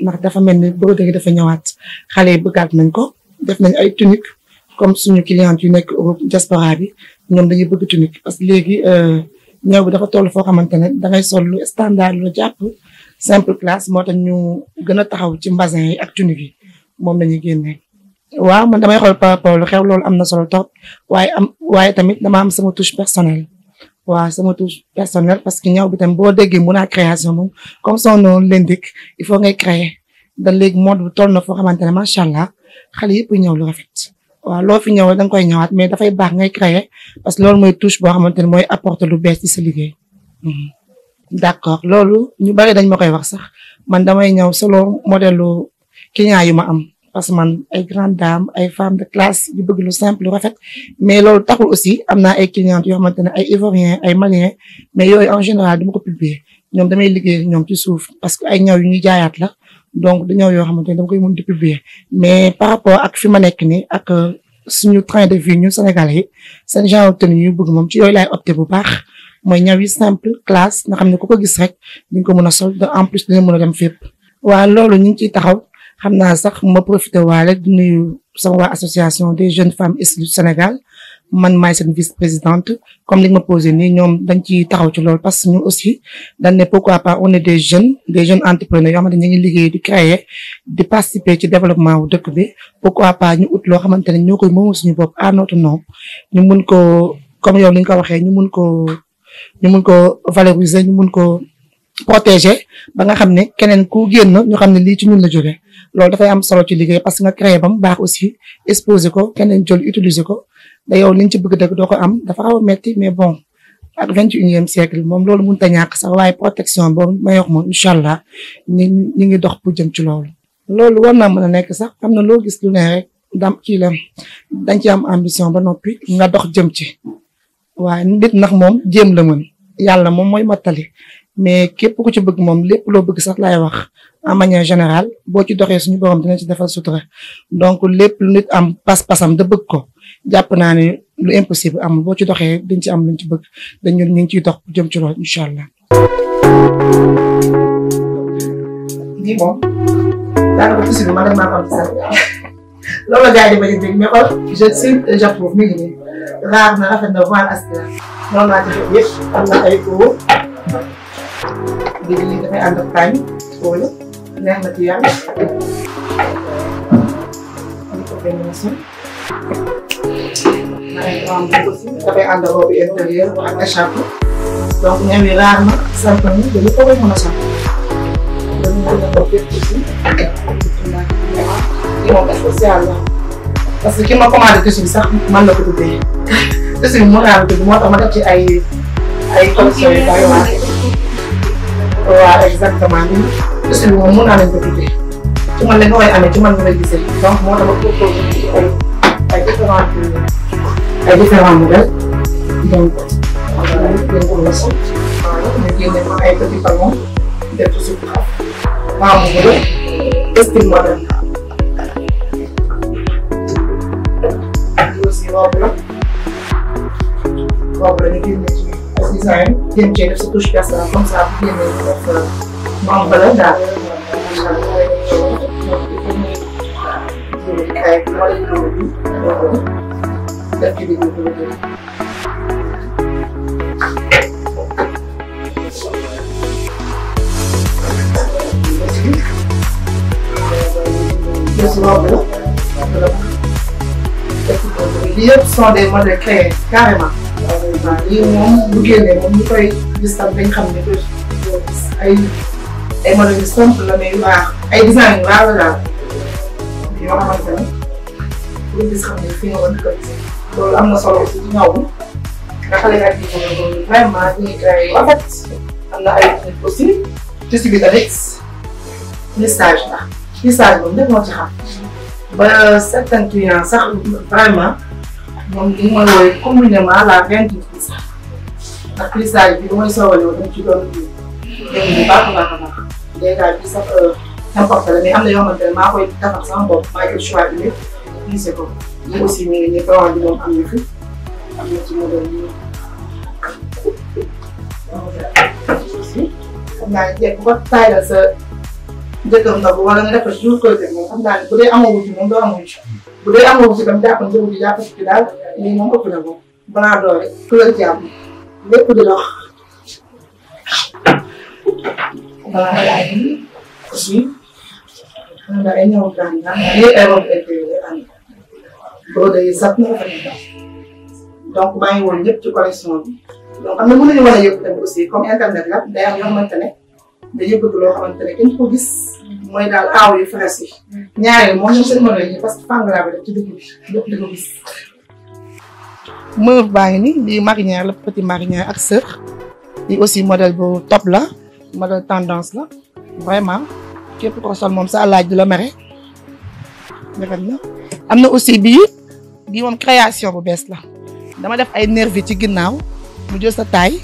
ndax dafa mel ni produit yi dafa ñëwaat xale yi bëggaat nañ ko def nañ ay tunique comme suñu client yu nekk Europe diaspora bi ñoom dañuy bëgg tunique parce que léegi euh, ñëw bi dafa toll foo xamante ne dangay sol lu standard lu jàpp simple classe moo tax ñu gën a taxaw ci mbasin yi ak tunique yi moom la ñuy génnee. waaw man damay xool par rapport lu xew loolu am na solo trop waaye am waaye tamit dama am sama touche personnelle. waaw sama touche personnelle parce que ñaw bi tamit boo déggee mun a création moom comme son nom l'indique il faut ngay créer da léegi mode bu toll na foo xamante ne macha allah xale yëpp ñëw lu rafet waaw loo fi ñëw da koy ñëwaat mais dafay baax ngay créer parce que loolu mooy touche boo xamante ne mooy apporter lu bees ci sa liggéey. Mhm. d'accord loolu ñu bari dañ ma koy wax sax man damay ñëw selon modèle client yu ma am. parce man ay grand dame ay femme de classe yu bëgg lu simple lu rafet mais loolu taxul aussi am naa ay clientes yoo xamante ne ay ivoiriens ay maliens mais yooyu en général ma ko publier ñoom damay liggéey ñoom ci suuf parce que ay ñaw yu ñuy jaayaat la donc di ñaw yoo xamante ne dama koy mën di publier mais par rapport ak fi ma nekk ni ak euh, suñu train de vie ñu Sénégalais yi seen genre tenue yu bëgg moom ci yooyu laay opté bu baax mooy ñaw yi simple classe nga xam ne ku ko gis rek di ko mën a sol en plus dina mën a dem fépp. waaw loolu ñu ngi ciy taxaw. xam naa sax ma profité waale di nuyu sama waa association des jeunes femmes islamiques du Sénégal man maay seen vice présidente comme li ma posé nii ñoom dañ ci taxaw ci lool parce que ñun aussi dañ ne pourquoi pas on est des jeunes des jeunes entrepreneurs yoo xamante ne ñu ngi liggéey créer di participer ci développement wu dëkk bi pourquoi pas ñu ut loo xamante ne ñoo koy moomal suñu bopp à notre nom ñu mun ko comme yow li nga ko waxee ñu mun ko ñu mun ko valoriser ko protégé ba nga xam ne keneen ku génn ñu xam ne lii ci ñun la jógee loolu dafay am solo ci liggéey parce que nga créé ba mu baax aussi exposé ko keneen jël utilisé ko da yow liñ ci bëgg dëgg doo ko am dafa xaw a metti mais bon ak vingt et unième siècle moom loolu mënut a ñàkk sax waaye protection boobu ma wax moom incha allah ni ñi ngi dox pour jëm ci loolu loolu war naa mën a nekk sax am na loo gis lu ne rek dam kii la dañ ci am ambition ba noppi nga dox jëm ci waaye nit nag moom jéem la mën yàlla moom mooy mottali mais képp ku ci bëgg moom lépp loo bëgg sax laay wax en manière générale boo ci doxee suñu borom dina ci defal sutura donc lépp lu nit am pas-pasam da bëgg ko jàpp naa ne lu impossible am boo ci doxee dañ ci am luñ ci bëgg dañu ñu ngi ciy dox jëm ci loolu incha allah. lii moom daanaka tuuti bi man maa xam loolu la gars yi bañ a dégg mais xool je suis j'approuve mi ngi na rafet na voile askan loolu laa ci def na ay léegi lii dafay ànd ak tànn xool neex na ci yàlla. am ko benn machine. dafay ànd ak robe intérieur ak écharpe. donc ñoom yi raar na sant nañu ba lu ko koy mën a sant. loolu mën na ko bépp aussi. kii moom spécial la. parce que ki ma commandé tissu bi sax man la ko tuddee. tissu bi moo raar tudd moo tax ma def ci ay ay collection yu bari waa exactement ñun aussi moom mun naa leen ko tuddee ci man lañ ko way amee ci man nga gisee donc moo tax ma ko ko ci ay ay différents ay différents modèles donc ñu ko la sant ñu génne ko ay petit ballon def tout ce que die zijn, die hebben ze toespitsen en komt samen die nemen of mambelen daar. Dus wat wil je? Je hebt zonder moeder carrément. waaw lii moom bu génnee moom ñu koy gis dañ xam ne que ay ay modèles yu simple la mais yu baax ay a loolu am na solo ci ñaw nga xale nga ji moom vraiment ñu ngi créé rafet am na ay nit aussi tissu bi tamit message la message moom ñëpp moo ci xam ba certains clients sax vraiment. moom li mooy woy communément la reine du paysage ndax paysage bi mooy soobal yow dañ ci doon dégg bu baax a baax a baax dèjà bi sax euh, n'importe la mais am na yoo xamante ne maa koy defar sama bopp maa ngi choix bi lépp gisee ko lii aussi ñu ngi doon bi moom am na fi am na ci modèle yi xam naa ne jéeg bu ko taay la sa jëkkër ndox wala nga def ko jour côté moom xam naa ne bu dee amoo wuti moom doo amoo wuti bu dee am na aussi tam jàpp na jëmm ji jàpp ci daal lii moom am lépp dina wax. balaa nga laaj aussi xam nga ay ñoom daan naa lii ay rob intérieur am loolu day sat na fa donc ñëpp ci collection bi donc am na mën nañu mën a aussi comme internet la day am yoo xamante ne day yëngatu loo xamante ne ko gis. moy dal aw yu frais yi mm. ñaareel moo ñoom seen mënoo yi parce que fang la def ci dugub bi lépp di meuf gis ni di marinière la petit marinière ak sœur lii aussi modèle bu top la modèle tendance la vraiment képp ko sol mom sa laaj du la mere rafet na amna aussi bi bi mom création bu bess la dama def ay nervi ci ginnaw mu jël sa taille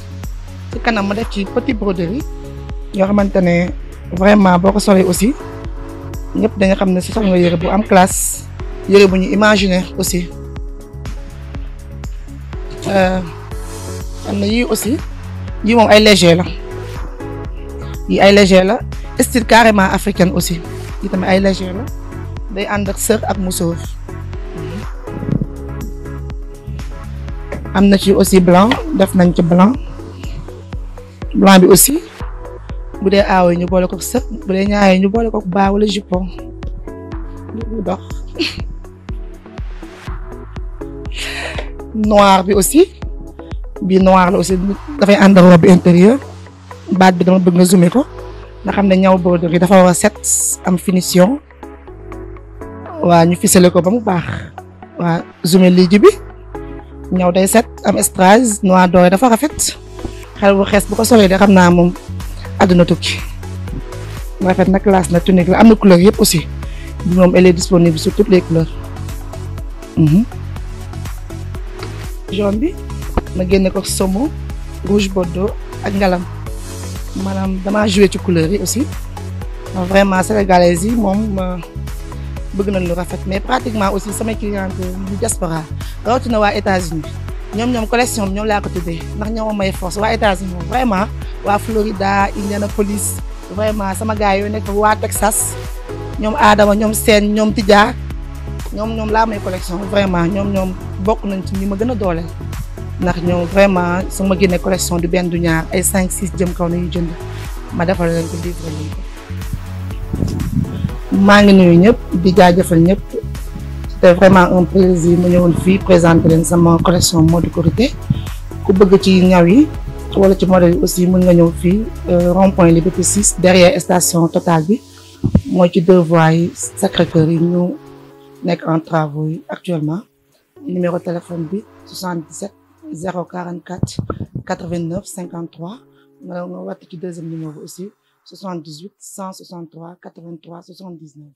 ci kanam ma def ci petit broderie yo xamantene vraiment boo ko solee aussi ñëpp dañu xam ne si sol nga yëre bu am classe yére bu ñu imaginer aussi euh, am na yii aussi yii moom ay léger la yii ay léger la style carrément africaine aussi yii tamit ay léger la day ànd ak sër ak musóor am na ci aussi blanc def nañ ci blanc blanc bi aussi bu dee aaw yi ñu boole ko sëp bu dee yi ñu boole ko baa wala jupon lu dox noir bi aussi bi noir la aussi dafay ànd robe bi intérieur baat bi dama bëgg nga zoomé ko nga xam ne ñaw broderie dafa war a set am finition waa ñu ficelé ko ba mu baax waa zoomé liiju bi ñaw day set am strass noir doore dafa rafet xel bu xees bu ko solee de xam naa moom àdduna tukki rafet na classe na tunique la amna couleur yëpp aussi bi elle est disponible sur toutes les couleurs. Mhm. jaune bi ma génne ko somo rouge bordeaux ak ngalam manam dama joué ci couleur yi aussi vraiment sénégalais yi moom bëgg nañ lu rafet mais pratiquement aussi samay cliente du diaspora rawatina waa États-Unis ñoom ñoom collection bi ñoom laa ko tuddee ndax ñoo may force waa États-Unis vraiment. waa Florida Indianapolis vraiment sama gars yooyu nekk waa Texas ñoom aadama ñoom seen ñoom Tidja ñoom ñoom laa may collection vraiment ñoom ñoom bokk nañ ci li ma gën a doole ndax ñoom vraiment su ma génnee collection du benn du ñaar ay 5 6 jëm kaw nañu jënd ma defal leen ko livre maa ngi nuyu ñëpp di jaajëfal ñëpp te vraiment un plaisir ma ñëwoon fii présenter leen sama collection mode Korité ku bëgg ci ñaw yi. wala ci modèle aussi mën nga ñëw fii euh, rond point Liberté 6 derrière station Total bi mooy ci deux voies yi Sacré-Cœur yi ñu nekk en travaux yi actuellement numéro téléphone bi 77 044 89 53 nga nga ci deuxième numéro aussi 78 163 83 79